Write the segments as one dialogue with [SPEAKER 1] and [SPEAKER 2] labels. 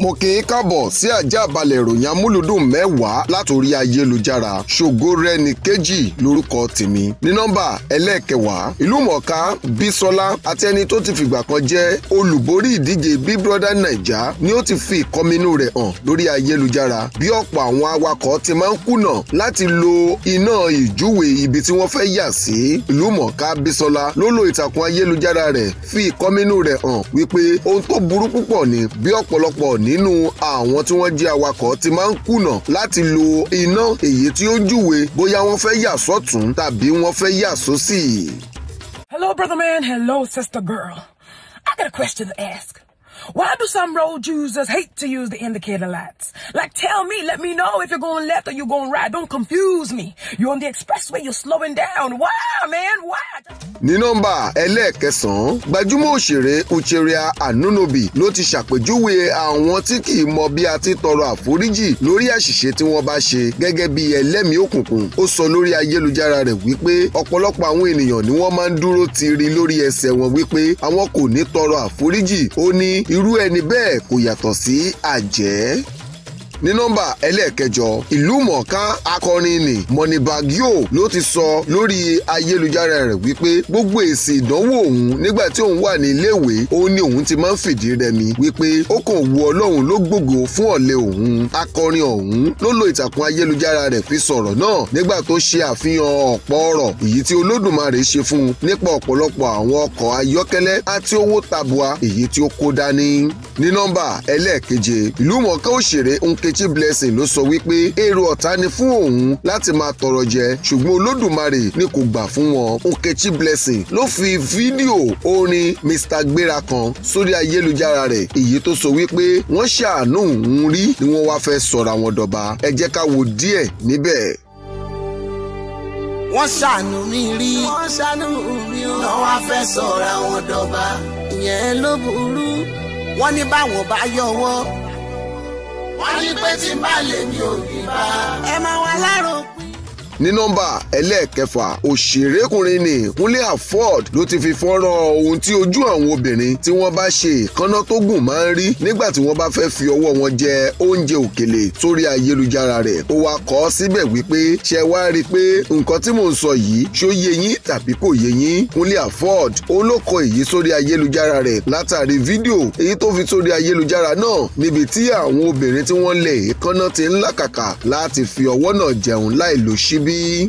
[SPEAKER 1] mo kì í káàbọ̀ sí àjàbalẹ̀ ìròyìn amúlùdùn mẹ́wàá látòrí ayélujára ṣògo rẹni kejì lórúkọ tèmi ní nọ́mbà ẹlẹ́ẹ̀kẹwàá ìlúmọ̀ọ́ká bísọ́lá àti ẹni tó ti fìgbà kan jẹ́ olùborí ìdíje big brother naija ni ó ti fi ìkọminú rẹ̀ hàn lórí ayélujára bí ọ̀pọ̀ àwọn awakọ̀ ti máa ń kùnà láti lo iná ìjúwe ibi tí wọ́n fẹ́ yà sí ìlúmọ̀ọ́ká bísọ́lá ló lo ìtàkùn nínú àwọn tí wọ́n jẹ́ awakọ̀ ti máa ń kùnà láti lo iná èyí tí ó júwe bóyá wọ́n fẹ́ yà sọ́tún tàbí wọ́n fẹ́ yà sósì. Hello brother man, hello sister girl. I got a question to ask. Why do some road users hate to use the indicator lights? Like, tell me, let me know if you're going left or you're going right. Don't confuse me. You're on the expressway, you're slowing down. Why, man? Why? ní nọ́mbà ẹlẹ́ẹ̀kẹsàn-án gbajúmọ̀ òṣèré Ucheria Anunobi ló ti ṣàpèjúwe àwọn tí kì í mọ bí a ti tọrọ àforíjì lórí àṣìṣe tí wọ́n bá ṣe gẹ́gẹ́ bí ẹlẹ́mìí òkùnkùn ó sọ lórí ayélujára rẹ̀ wípé ọ̀pọ̀lọpọ̀ àwọn ènìyàn ni wọ́n máa ń dúró tiiri lórí ẹsẹ̀ wọn wípé àwọn kò ní tọrọ àforíjì ó ní irú ẹni bẹ́ẹ̀ kò yàtọ̀ sí àjẹ́ ní nọ́mbà ẹlẹ́ẹ̀kẹjọ ìlúmọ̀ọ́ká akọrin ni Moneybag Yo ló ti sọ lórí ayélujára rẹ̀ wípé gbogbo èsì ìdánwò òun nígbà tí òun wà ní iléèwé òun ni òun ti máa ń fìdí rẹmi wípé ó kàn wu Ọlọ́run ló gbògo fún ọ̀lẹ́ òun akọrin ọ̀hún ló lo ìtàkùn ayélujára rẹ̀ fi sọ̀rọ̀ náà nígbà tó ṣe àfihàn ọ̀pọ̀ ọ̀rọ̀ èyí tí Olódùmarè ṣe fún un nípa ọ̀pọ̀lọpọ̀ àwọn ọkọ̀ ayọ́kẹ́lẹ́ àti owó tabua èyí tí ó kó dání ní nọ́mbà ẹlẹ́ẹ̀keje ìlúmọ̀ọ́ká òṣèré Nkechi Blessing ló sọ wípé èrò ọ̀tá ni fún òun láti máa tọrọ jẹ ṣùgbọ́n olódùmarè ni kò gbà fún wọn Nkechi Blessing ló fi fídíò orin Mr Gbéra kan sórí ayélujára rẹ̀ èyí tó sọ wípé wọ́n ṣàánú òun rí ni wọ́n wá fẹ́ sọ̀rọ̀ àwọn dọ̀ba ẹ jẹ́ ká wo díẹ̀ níbẹ̀ wọ́n ṣàánú mi rí. wọ́n ṣàánú mi o. lọ́wọ́ a fẹ́ sọ̀rọ̀ àwọn dọ̀ba. ìyẹn ló burú wọ́n ní báwọn bá yọwọ́. wọ́n ní pé tí má lè ní òbí bá. ẹ máa wà lárò ní nọ́mbà ẹlẹ́ẹ̀kẹfà òṣèrékùnrin ni Kúnlé Afod ló ti fi fọ́nrán ohun tí ojú àwọn obìnrin tí wọ́n bá ṣe ìkánná tó gùn máa ń rí nígbà tí wọ́n bá fẹ́ fi ọwọ́ wọn jẹ oúnjẹ òkèlè sórí ayélujára rẹ̀ ó wá kọ síbẹ̀ wípé ṣe wá rí i pé nǹkan tí mò ń sọ yìí ṣó yé yín tàbí kò yé yín Kúnlé Afod òun ló kọ èyí sórí ayélujára rẹ̀ látàrí fídíò èyí tó fi sórí ayélujára náà níbi tí àwọn obìnrin tí wọ́n lẹ̀ ìkánná ti ń làkàkà láti fi ọwọ́ náà jẹun láì lo ṣíbí be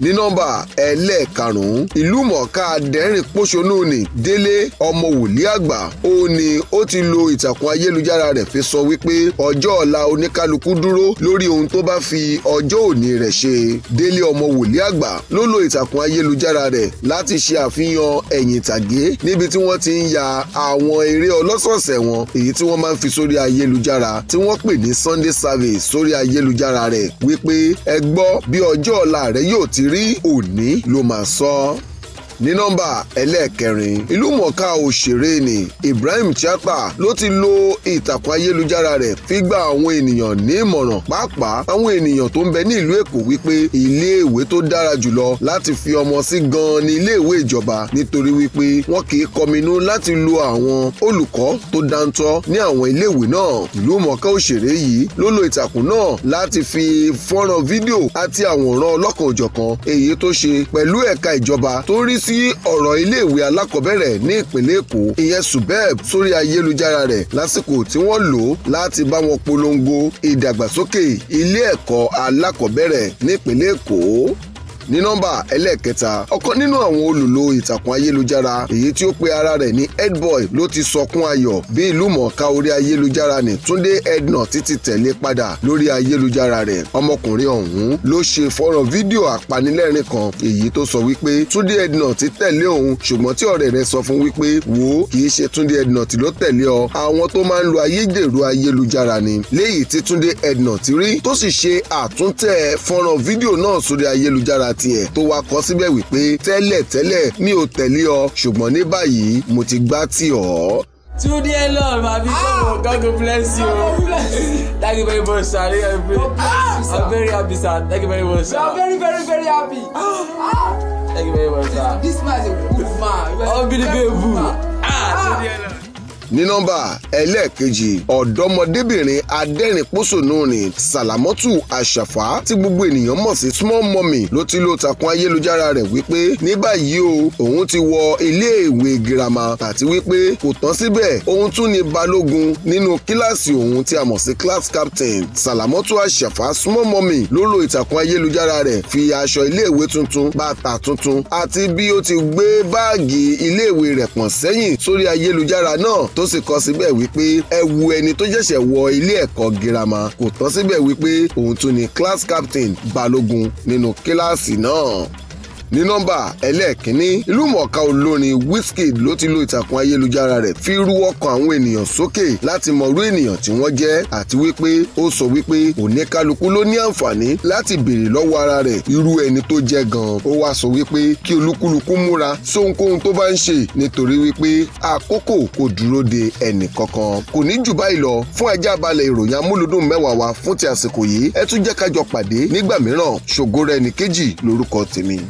[SPEAKER 1] ní nọ́mbà ẹlẹ́ẹ̀karùn-ún ìlú mọ̀ọ́ká ni délé ọmọ wòlíì àgbà ó ní ó ti lo ìtàkùn ayélujára rẹ̀ fi sọ wípé ọjọ́ ọ̀la oníkálukú dúró lórí ohun tó bá fi ọjọ́ òní rẹ̀ ṣe délé ọmọ wòlíì àgbà ló lo ìtàkùn ayélujára rẹ̀ láti ṣe àfihàn ẹ̀yìn ìtàgé níbi tí wọ́n ti ń ya àwọn eré ọlọ́sọ̀ọ̀sẹ̀ wọn èyí tí wọ́n máa ń fi sórí ayélujára tí wọ́n pè ní Sunday service sórí ayélujára rẹ̀ wípé ẹ gbọ́ bí ọjọ́ ọ̀la rẹ̀ yóò ti rí òní ló máa sọ. So ní nọ́mbà ẹlẹ́ẹ̀kẹrin ìlúmọ̀ọ́ká òṣèré ni Ibrahim Chiapa ló ti lo ìtàkùn ayélujára rẹ̀ fi gba àwọn ènìyàn ní ìmọ̀ràn pàápàá àwọn ènìyàn tó ń bẹ ní ìlú Èkó wípé iléèwé tó dára jùlọ láti fi ọmọ sí gan ni iléèwé ìjọba nítorí wípé wọn kì í kọminú láti lo àwọn olùkọ́ tó dáńtọ́ ní àwọn iléèwé náà ìlúmọ̀ọ́ká òṣèré yìí ló lo ìtàkùn náà láti fi fọ́nrán fídíò àti àwòrán ọlọ́kan èyí tó ṣe pẹ̀lú ẹ̀ka ìjọba tó rí sí ọ̀rọ̀ iléèwé alákọ̀ọ́bẹ̀rẹ̀ ní ìpínlẹ̀ Èkó ìyẹn subeb sórí ayélujára rẹ̀ lásìkò tí wọ́n lò láti bá wọn polongo ìdàgbàsókè ilé ẹ̀kọ́ alákọ̀ọ́bẹ̀rẹ̀ nípínlẹ̀ Èkó ní nọ́mbà ẹlẹ́ẹ̀kẹta ọ̀kan nínú àwọn olùlò ìtàkùn ayélujára èyí tí ó pe ara rẹ̀ ní Headboy ló ti sọkún ayọ̀ bí ìlú mọ̀ọ́ká orí ayélujára ní Túndé Edna títí tẹ̀lé padà lórí ayélujára rẹ̀ ọmọkùnrin ọ̀hún ló ṣe fọ́nrán fídíò apanilẹ́rìn kan èyí tó sọ wípé Túndé Edna ti tẹ̀lé òun ṣùgbọ́n tí ọ̀rẹ́ rẹ̀ sọ fún wípé wò ó kì í ṣe Túndé Edna tí ló tẹ̀lé ọ àwọn tó máa ń lo ayédèrú ayélujára ni léyìí tí Túndé Edna ti rí tó sì ṣe àtúntẹ̀ fọ́nrán fídíò náà sórí ayélujára tiẹ̀ tó wá kọ síbẹ̀ wípé tẹ́lẹ̀ tẹ́lẹ̀ mi ò tẹ̀lé ọ ṣùgbọ́n ní báyìí mo ti gbá tì ọ́. Through the Lord, my people, ah, God will bless you. Thank you very much, sir. I'm very, ah, I'm very happy, sir. Thank you very much, sir. I'm very, very, very happy. Ah! Ah! Thank you very much, sir. This man is a good man. Unbelievable. Ah, ah ní nọ́mbà ẹlẹ́ẹ̀kejì ọ̀dọ́mọdébìnrin adẹ́rìnpọ̀ṣọ́nù ni Sàlámọ́tù Àṣàfà tí gbogbo ènìyàn mọ̀ sí small mummy ló ti lo takun ayélujára rẹ̀ wípé ní báyìí o òun ti wọ iléèwé girama àti wípé kò tán síbẹ̀ òun tún ni balógun nínú kíláàsì òun tí a mọ̀ sí class captain Sàlámọ́tù Àṣàfà small mummy ló lo ìtàkùn ayélujára rẹ̀ fi aṣọ iléèwé tuntun bàtà tuntun àti bí ó ti gbé báàgì iléèwé rẹ̀ pọ̀n sẹ́yìn sórí tó sì kọ síbẹ̀ wípé ẹ wu ẹni tó ṣẹ̀ṣẹ̀ wọ ilé ẹ̀kọ́ girama kò tán síbẹ̀ wípé òun tún ni class captain balógun nínú kíláàsì náà ní nọ́mbà ẹlẹ́ẹ̀kínní ìlúmọ̀ọ́ká olórin Wizkid ló ti lo ìtàkùn ayélujára rẹ̀ fi rú ọkàn àwọn ènìyàn sókè láti mọrú ènìyàn tí wọ́n jẹ́ àti wípé ó sọ wípé òníkálukú ló ní àǹfààní láti béèrè lọ́wọ́ ara rẹ̀ irú ẹni tó jẹ́ gan ó wá sọ wípé kí olúkúlùkù múra sóhunkóhun tó bá ń ṣe nítorí wípé àkókò kò dúró de ẹnì kankan kò ní jù báyìí lọ fún ajá balẹ̀ ìròyìn amúlùdùn mẹ́wàá wa fún ti àsìkò yìí ẹ tún jẹ́ ká pàdé nígbà mìíràn ṣògo rẹ̀ ní kejì lórúkọ tèmi